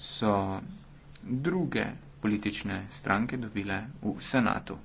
so druge politične stranke dobile v senatu.